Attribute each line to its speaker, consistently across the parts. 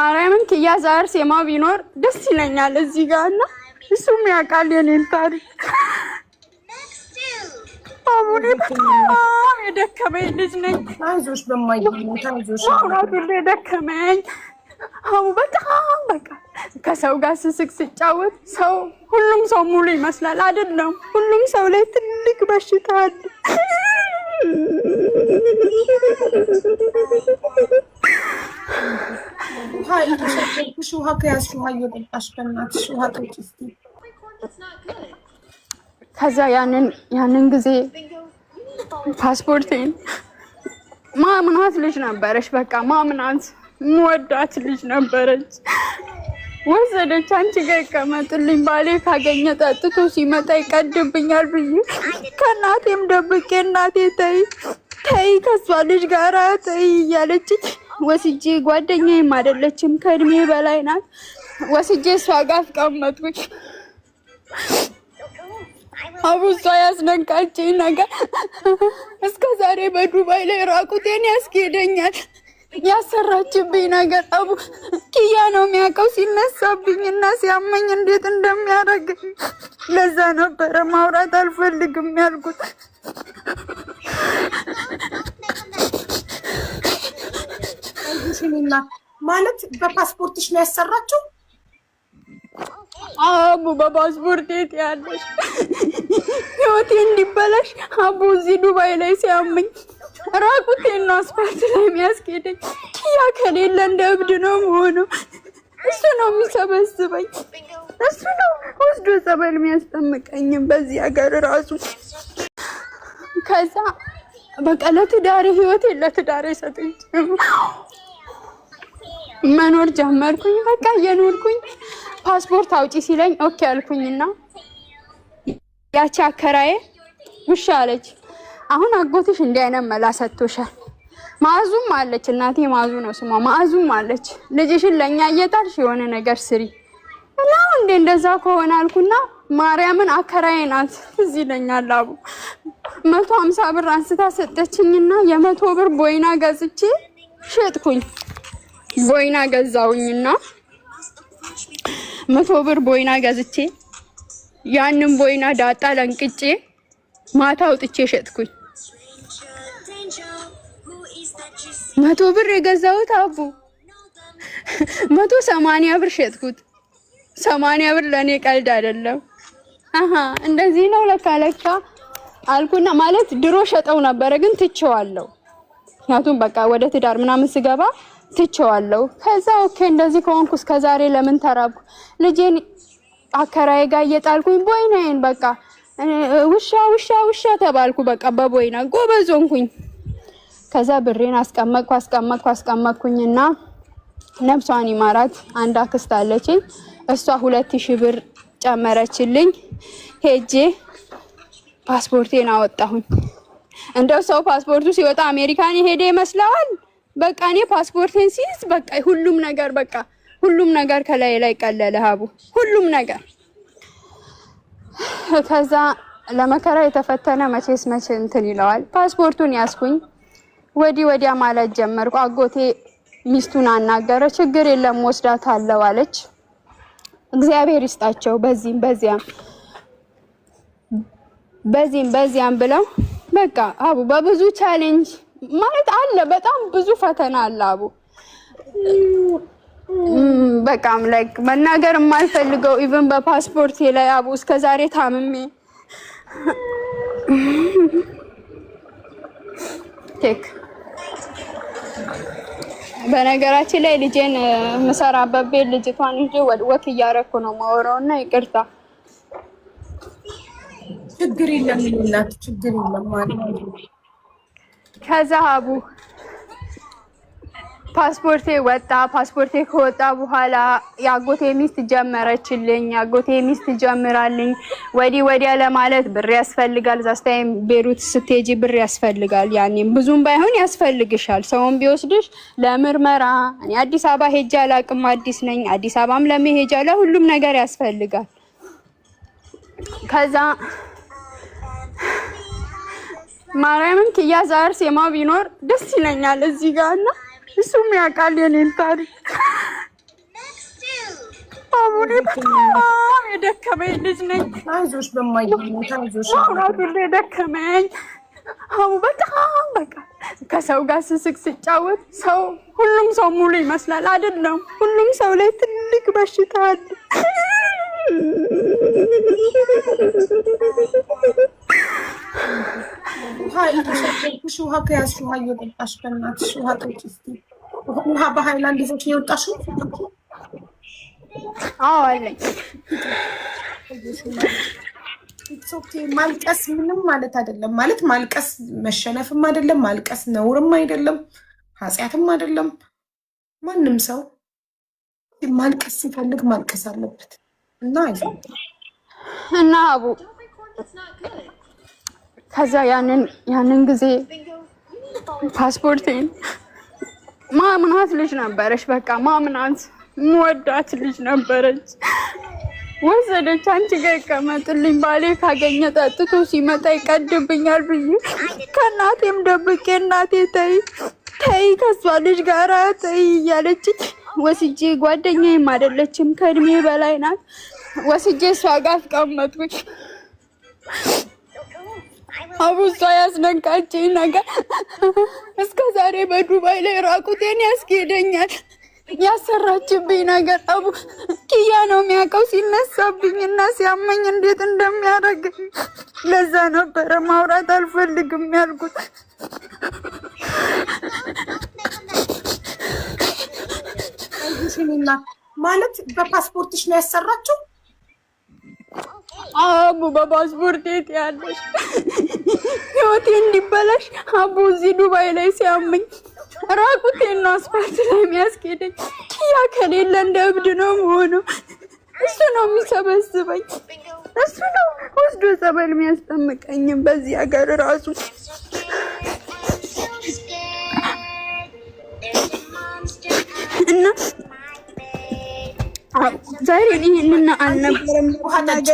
Speaker 1: ማርያምን ክያ ዛር ሴማ ቢኖር ደስ ይለኛል እዚህ ጋር እና እሱም ያውቃል የኔን ታሪክ። አቡኔ በጣም የደከመኝ ልጅ ነኝ።
Speaker 2: አይዞሽ በማየ
Speaker 1: የደከመኝ አቡ በጣም በቃ ከሰው ጋር ስስቅ ስጫወት ሰው ሁሉም ሰው ሙሉ ይመስላል አይደለም። ሁሉም ሰው ላይ ትልቅ በሽታ አለ።
Speaker 2: ውሃ ውሃ ከያዝሽ ውሃ እየጠጣሽ በእናትሽ ውሃ ጠጪ እስኪ።
Speaker 1: ያንን ጊዜ ፓስፖርቴን ማምናት ልጅ ነበረች። በቃ ማምናት የምወዳት ልጅ ነበረች። ወሰደች። አንቺ ጋር ይቀመጥልኝ ባሌ ካገኘ ጠጥቶ ሲመጣ ይቀድብኛል ብዬ ከእናቴም ደብቄ እናቴ ተይ ተይ ከሷ ልጅ ጋራ ተይ እያለችኝ ወስጄ ጓደኛዬም አይደለችም ከእድሜ በላይ ናት። ወስጄ እሷ ጋር አስቀመጥኩኝ። አቡሷ ያስነካችኝ ነገር እስከ ዛሬ በዱባይ ላይ ራቁቴን ያስኬደኛል። ያሰራችብኝ ነገር አቡ ኪያ ነው የሚያውቀው። ሲነሳብኝ እና ሲያመኝ እንዴት እንደሚያደርግ ለዛ ነበረ ማውራት አልፈልግም ያልኩት።
Speaker 2: ሽኒና ማለት በፓስፖርትሽ ነው ያሰራችው?
Speaker 1: አቡ በፓስፖርት የት ያለሽ ህይወቴ እንዲበላሽ አቡ እዚህ ዱባይ ላይ ሲያመኝ ራቁቴና አስፋልት ላይ የሚያስኬደኝ ያ ከሌለ እንደ እብድ ነው መሆኑ። እሱ ነው የሚሰበስበኝ፣ እሱ ነው ወስዶ ጸበል የሚያስጠምቀኝም በዚህ ሀገር ራሱ። ከዛ በቃ ለትዳሬ ህይወቴ ለትዳሬ ሰጥኝ መኖር ጀመርኩኝ። በቃ እየኖርኩኝ ፓስፖርት አውጪ ሲለኝ ኦኬ አልኩኝና ያቺ አከራዬ ውሻ አለች። አሁን አጎትሽ እንዲህ አይነት መላ ሰጥቶሻል። ማዙም አለች እናቴ ማዙ ነው ስሟ። ማዙም አለች ልጅሽን ለእኛ እየጣልሽ የሆነ ነገር ስሪ እና እንዴ እንደዛ ከሆነ አልኩና ማርያምን አከራዬ ናት እዚህ ለኛ ላቡ መቶ ሀምሳ ብር አንስታ ሰጠችኝና የመቶ ብር ቦይና ገዝቼ ሸጥኩኝ። ቦይና ገዛውኝና መቶ ብር ቦይና ገዝቼ ያንን ቦይና ዳጣ ለንቅጬ ማታ አውጥቼ ሸጥኩኝ። መቶ ብር የገዛሁት አቡ መቶ ሰማንያ ብር ሸጥኩት። ሰማንያ ብር ለእኔ ቀልድ አይደለም። አሀ እንደዚህ ነው ለካ ለካ አልኩና ማለት ድሮ ሸጠው ነበረ፣ ግን ትቼዋለሁ። ምክንያቱም በቃ ወደ ትዳር ምናምን ስገባ ትቼዋለሁ። ከዛ ኦኬ እንደዚህ ከሆንኩ እስከ ዛሬ ለምን ተራብኩ? ልጄን አከራዬ ጋር እየጣልኩኝ ቦይናዬን በቃ ውሻ ውሻ ውሻ ተባልኩ። በቃ በቦይና ጎበዝ ሆንኩኝ። ከዛ ብሬን አስቀመጥኩ አስቀመጥኩ አስቀመጥኩኝ አስቀመጥኩኝና ነብሷን ይማራት አንድ አክስት አለችኝ። እሷ ሁለት ሺህ ብር ጨመረችልኝ። ሄጄ ፓስፖርቴን አወጣሁኝ። እንደው ሰው ፓስፖርቱ ሲወጣ አሜሪካን የሄደ ይመስለዋል። በቃ እኔ ፓስፖርቴን ሲይዝ በቃ ሁሉም ነገር በቃ ሁሉም ነገር ከላይ ላይ ቀለለ ሀቡ ሁሉም ነገር ከዛ ለመከራ የተፈተነ መቼስ መቼ እንትን ይለዋል። ፓስፖርቱን ያስኩኝ ወዲህ ወዲያ ማለት ጀመርኩ። አጎቴ ሚስቱን አናገረ። ችግር የለም ወስዳት አለው አለች። እግዚአብሔር ይስጣቸው በዚህም በዚያም በዚህም በዚያም ብለው በቃ አቡ በብዙ ቻሌንጅ ማለት አለ። በጣም ብዙ ፈተና አለ አቡ በቃም ላይክ መናገር የማልፈልገው ኢቨን በፓስፖርት ላይ አቡ እስከ ዛሬ ታምሜ ቴክ በነገራችን ላይ ልጄን ምሰራበት ቤት ልጅቷን እንጂ ወክ እያረኩ ነው ማወራው እና ይቅርታ።
Speaker 2: ችግር የለም እናት ችግር የለም። ማለት
Speaker 1: ከዛሃቡ ፓስፖርቴ ወጣ። ፓስፖርቴ ከወጣ በኋላ የአጎቴ ሚስት ጀመረችልኝ። የአጎቴ ሚስት ጀምራልኝ ወዲህ ወዲያ ለማለት ብር ያስፈልጋል። ዛስታይም ቤሩት ስትሄጂ ብር ያስፈልጋል። ያኔም ብዙም ባይሆን ያስፈልግሻል። ሰውን ቢወስድሽ ለምርመራ እኔ አዲስ አበባ ሄጄ አላቅም። አዲስ ነኝ። አዲስ አበባም ለመሄጃ ለሁሉም ነገር ያስፈልጋል። ከዛ ማርያምን ኪያ ዛር ሴማ ቢኖር ደስ ይለኛል እዚህ ጋር እና እሱም ያውቃል የኔን ታሪክ። አቡኔ በጣም የደከመኝ ልጅ ነኝ። የደከመኝ አቡ በጣም በቃ ከሰው ጋር ስስቅ ስጫወት ሰው ሁሉም ሰው ሙሉ ይመስላል አይደለም። ሁሉም ሰው ላይ ትልቅ በሽታ አለ።
Speaker 2: ውሃ ከያዝሽ ውሃ እየጠጣሽ በእናትሽ ውሃ ጠጪ እስኪ። ውሃ በሀይላንድ ይዘሽ የወጣሽው? አዎ አለኝ። ማልቀስ ምንም ማለት አይደለም። ማለት ማልቀስ መሸነፍም አይደለም፣ ማልቀስ ነውርም አይደለም፣ ኃጢአትም አይደለም። ማንም ሰው ማልቀስ ሲፈልግ ማልቀስ አለበት እና
Speaker 1: እና አቡ ከዛ ያንን ያንን ጊዜ ፓስፖርቴን ማምናት ልጅ ነበረች። በቃ ማምናት ምወዳት ልጅ ነበረች። ወሰደች። አንቺ ጋር ይቀመጥልኝ ባሌ ካገኘ ጠጥቶ ሲመጣ ይቀድብኛል ብዬ ከእናቴም ደብቄ እናቴ ተይ ተይ ከሷ ልጅ ጋር ተይ እያለች ወስጄ ጓደኛዬም አይደለችም ከእድሜ በላይ ናት። ወስጄ እሷ ጋር አስቀመጥኩኝ። አቡሷ ያስነቃችኝ ነገር እስከ ዛሬ በዱባይ ላይ ራቁቴን ያስኬደኛል። ያሰራችብኝ ነገር አቡ ኪያ ነው የሚያውቀው። ሲነሳብኝ እና ሲያመኝ እንዴት እንደሚያደርግኝ ለዛ ነበረ ማውራት አልፈልግም ያልኩት።
Speaker 2: ማለት በፓስፖርትሽ ነው ያሰራችው
Speaker 1: አቡ በፓስፖርት የት ያለሽ ህይወቴ እንዲበላሽ አቡ እዚህ ዱባይ ላይ ሲያምኝ ራቁቴና አስፋልት ላይ የሚያስኬደኝ ያ ከሌለ እንደ እብድ ነው መሆነው። እሱ ነው የሚሰበስበኝ፣ እሱ ነው ወስዶ ጸበል የሚያስጠምቀኝም በዚህ ሀገር ራሱ እና ዛሬ ይህንን አልነበረም።
Speaker 2: ውሃ ጠጪ፣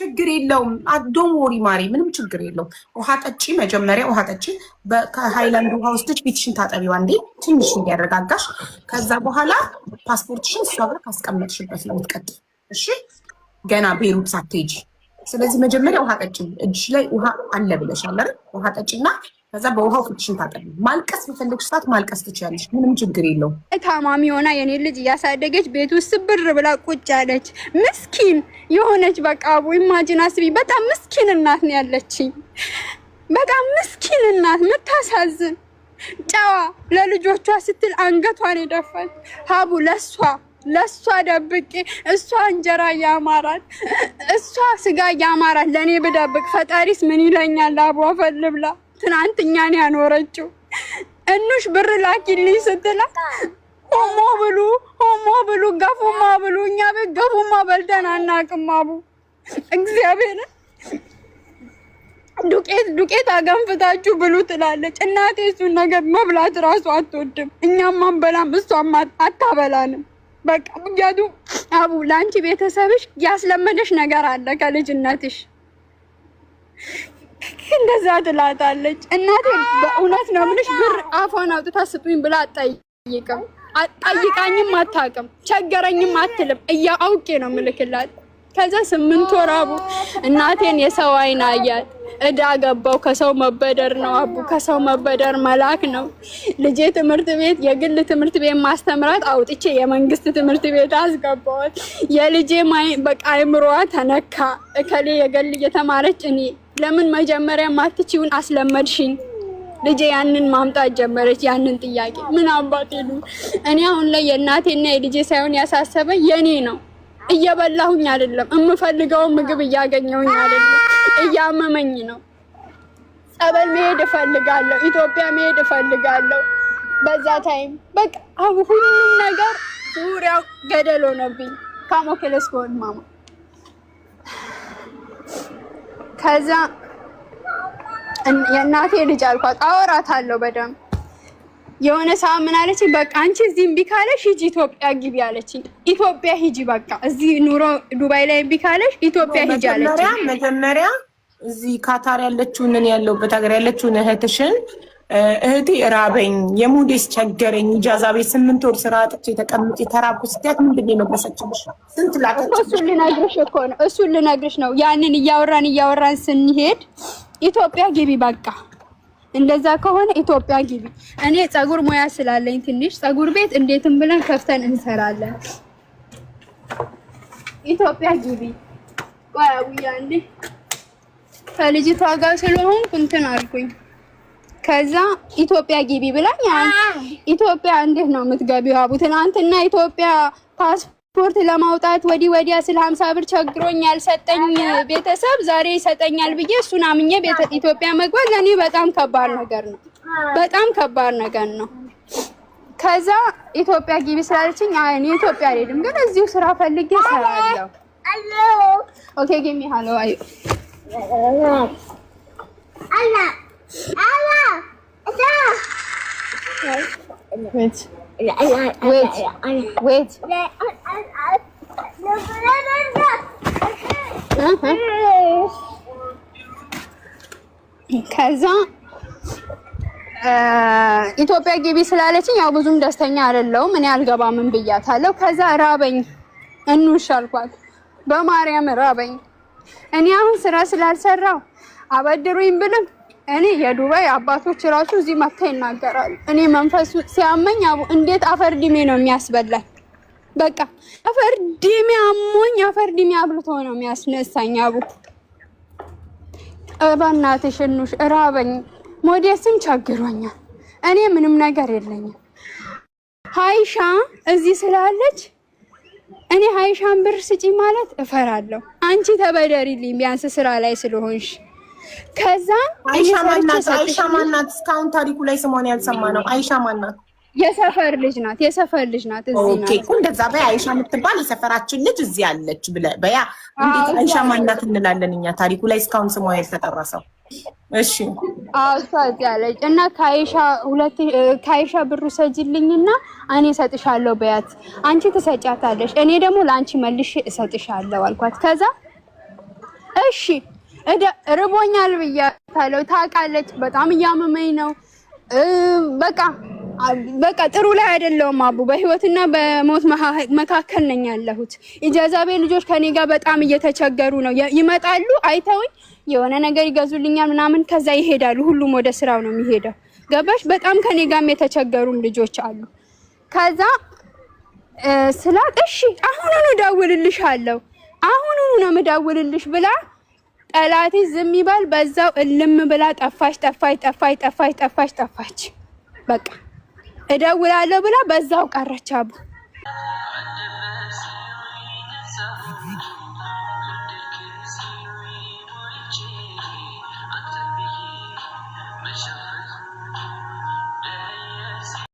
Speaker 2: ችግር የለውም። ዶን ወሪ ማሪ፣ ምንም ችግር የለውም። ውሃ ጠጪ፣ መጀመሪያ ውሃ ጠጪ። ከሀይላንድ ውሃ ውስጥች ፊትሽን ታጠቢው አንዴ፣ ትንሽ እንዲያረጋጋሽ። ከዛ በኋላ ፓስፖርትሽን እሷ ጋር ካስቀመጥሽበት ነው የምትቀጥል። እሺ፣ ገና ቤሩት ሳትሄጂ። ስለዚህ መጀመሪያ ውሃ ጠጪ፣ እጅሽ ላይ ውሃ አለ ብለሻል። ውሃ ጠጪና ከዛ በውሃው ፊትሽን ታጠቢ። ማልቀስ በፈለግሽ ሰዓት ማልቀስ ትችያለሽ። ምንም ችግር የለው።
Speaker 1: ታማሚ ሆና የኔ ልጅ እያሳደገች ቤት ውስጥ ስብር ብላ ቁጭ ያለች ምስኪን የሆነች በቃ አቦ ኢማጂን አስቢ። በጣም ምስኪን እናት ነው ያለችኝ። በጣም ምስኪን እናት ምታሳዝን ጨዋ ለልጆቿ ስትል አንገቷን የደፋች ሀቡ ለሷ ለእሷ ደብቄ እሷ እንጀራ እያማራት እሷ ስጋ እያማራት ለእኔ ብደብቅ ፈጣሪስ ምን ይለኛል? አቧ ፈልብላ ትናንት እኛን ያኖረችው እኑሽ ብር ላኪልኝ ስትላ ሆሞ ብሉ ሆሞ ብሉ ገፉማ ብሉ እኛ ቤት ገፉማ በልተን አናውቅም። አቡ እግዚአብሔር ዱቄት ዱቄት አገንፍታችሁ ብሉ ትላለች እናቴ። እሱን ነገር መብላት ራሱ አትወድም። እኛም አንበላም፣ እሷም አታበላንም። በቃ ምክንያቱ አቡ ለአንቺ ቤተሰብሽ ያስለመደሽ ነገር አለ ከልጅነትሽ እንደዛ ትላታለች። እናቴ በእውነት ነው የምልሽ፣ ብር አፏን አውጥታ ስጡኝ ብላ አጠይቅም አጠይቃኝም አታውቅም። ቸገረኝም አትልም። እያ አውቄ ነው ምልክላት። ከዛ ስምንት ወር አቡ እናቴን የሰው አይን አያት። እዳ ገባው። ከሰው መበደር ነው አቡ፣ ከሰው መበደር መላክ ነው። ልጄ ትምህርት ቤት የግል ትምህርት ቤት ማስተምራት አውጥቼ የመንግስት ትምህርት ቤት አስገባዋት። የልጄ በቃ አይምሮዋ ተነካ። እከሌ የገል እየተማረች እኔ ለምን መጀመሪያ ማትችውን አስለመድሽኝ? ልጄ ያንን ማምጣት ጀመረች። ያንን ጥያቄ ምን አባት ሄዱ። እኔ አሁን ላይ የእናቴና የልጄ ሳይሆን ያሳሰበ የኔ ነው። እየበላሁኝ አይደለም፣ የምፈልገውን ምግብ እያገኘሁኝ አይደለም፣ እያመመኝ ነው። ጸበል መሄድ እፈልጋለሁ፣ ኢትዮጵያ መሄድ እፈልጋለሁ። በዛ ታይም በቃ ሁሉም ነገር ዙሪያው ገደል ሆነብኝ። ካሞክለስ ማማ ከዛ የእናቴ ልጅ አልኳት፣ አወራታለሁ በደምብ። የሆነ ሰዓት ምን አለችኝ፣ በቃ አንቺ እዚህ እምቢ ካለሽ ሂጂ ኢትዮጵያ ግቢ አለችኝ። ኢትዮጵያ ሂጂ በቃ እዚህ ኑሮ ዱባይ ላይ እምቢ ካለሽ ኢትዮጵያ ሂጂ አለችኝ።
Speaker 2: መጀመሪያ እዚህ ካታር ያለችውን ያለውበት ሀገር ያለችውን እህትሽን እህቴ እራበኝ፣ የሙዴስ ቸገረኝ፣ ኢጃዛ ቤት ስምንት ወር ስራ አጥቼ የተቀምጬ የተራብኩ ስትያት ምንድን ነው የመለሰችልሽ? ስንት ላከችልሽ?
Speaker 1: እሱን ልነግርሽ እኮ ነው፣ እሱን ልነግርሽ ነው። ያንን እያወራን እያወራን ስንሄድ ኢትዮጵያ ግቢ፣ በቃ እንደዛ ከሆነ ኢትዮጵያ ግቢ። እኔ ፀጉር ሙያ ስላለኝ ትንሽ ፀጉር ቤት እንዴትም ብለን ከፍተን እንሰራለን። ኢትዮጵያ ግቢ ቋያውያ እንዴ ከልጅቷ ጋር ስለሆንኩ እንትን አልኩኝ። ከዛ ኢትዮጵያ ግቢ ብላኝ ኢትዮጵያ እንዴት ነው የምትገቢው? አቡ ትናንትና ኢትዮጵያ ፓስፖርት ለማውጣት ወዲህ ወዲያ ስለ ሀምሳ ብር ቸግሮኝ ያልሰጠኝ ቤተሰብ ዛሬ ይሰጠኛል ብዬ እሱን አምኜ ኢትዮጵያ መግባት ለእኔ በጣም ከባድ ነገር ነው። በጣም ከባድ ነገር ነው። ከዛ ኢትዮጵያ ግቢ ስላለችኝ አይ እኔ ኢትዮጵያ አልሄድም፣ ግን እዚሁ ስራ ፈልጌ ሰራለሁ። ኦኬ ጊሚ ሀሎ አዩ ከዛ ኢትዮጵያ ግቢ ስላለችኝ ያው ብዙም ደስተኛ አይደለሁም። እኔ አልገባምን ብያታለሁ። ከዛ ራበኝ እንውሽ አልኳት። በማርያም ራበኝ እኔ አሁን ስራ ስላልሰራው አበድሩኝ ብልም እኔ የዱባይ አባቶች ራሱ እዚህ መታ ይናገራሉ። እኔ መንፈሱ ሲያመኝ እንዴት አፈር ድሜ ነው የሚያስበላኝ። በቃ አፈር ድሜ አሞኝ አፈር ድሜ አብልቶ ነው የሚያስነሳኝ። አቡ እባናትሽ ኑሽ እራበኝ፣ ሞዴስም ቸግሮኛል። እኔ ምንም ነገር የለኝም። ሀይሻ እዚህ ስላለች እኔ ሀይሻን ብር ስጪ ማለት እፈራለሁ። አንቺ ተበደሪልኝ ቢያንስ ስራ ላይ ስለሆንሽ ከዛ
Speaker 2: አይሻ ማናት? አይሻ ማናት? እስካሁን ታሪኩ ላይ ስሟን ያልሰማ ነው። አይሻ ማናት?
Speaker 1: የሰፈር ልጅ ናት። የሰፈር ልጅ ናት።
Speaker 2: እዚህ እንደዛ በይ። አይሻ የምትባል የሰፈራችን ልጅ እዚህ አለች ብለህ በያ። እንዴት አይሻ ማናት እንላለን እኛ? ታሪኩ ላይ እስካሁን ስሟ ያልተጠራ ሰው። እሺ
Speaker 1: አዎ፣ እሷ እዚህ አለች እና ከአይሻ ሁለት ከአይሻ ብሩ ሰጅልኝና እኔ እሰጥሻለሁ በያት። አንቺ ትሰጫታለሽ፣ እኔ ደግሞ ለአንቺ መልሽ እሰጥሻለሁ አልኳት። ከዛ እሺ ርቦኛል ብያታለሁ። ታውቃለች፣ በጣም እያመመኝ ነው። በቃ በቃ ጥሩ ላይ አይደለውም አቡ። በህይወትና በሞት መካከል ነኝ ያለሁት። ኢጃዛቤ ልጆች ከኔ ጋር በጣም እየተቸገሩ ነው። ይመጣሉ፣ አይተውኝ የሆነ ነገር ይገዙልኛል ምናምን፣ ከዛ ይሄዳሉ። ሁሉም ወደ ስራው ነው የሚሄደው። ገባሽ? በጣም ከኔ ጋርም የተቸገሩም ልጆች አሉ። ከዛ ስላት እሺ አሁኑኑ ደውልልሽ አለው። አሁኑኑ ነው የምደውልልሽ ብላ ጠላቴ ዝም ይባል። በዛው እልም ብላ ጠፋች ጠፋች ጠፋች ጠፋች ጠፋች ጠፋች። በቃ እደውላለሁ ብላ በዛው ቀረች አቡ